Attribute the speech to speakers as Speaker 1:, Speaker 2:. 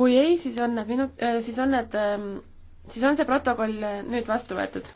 Speaker 1: kui ei, siis on need minu-, äh, siis on need, ähm, siis on see protokoll äh,
Speaker 2: nüüd vastu võetud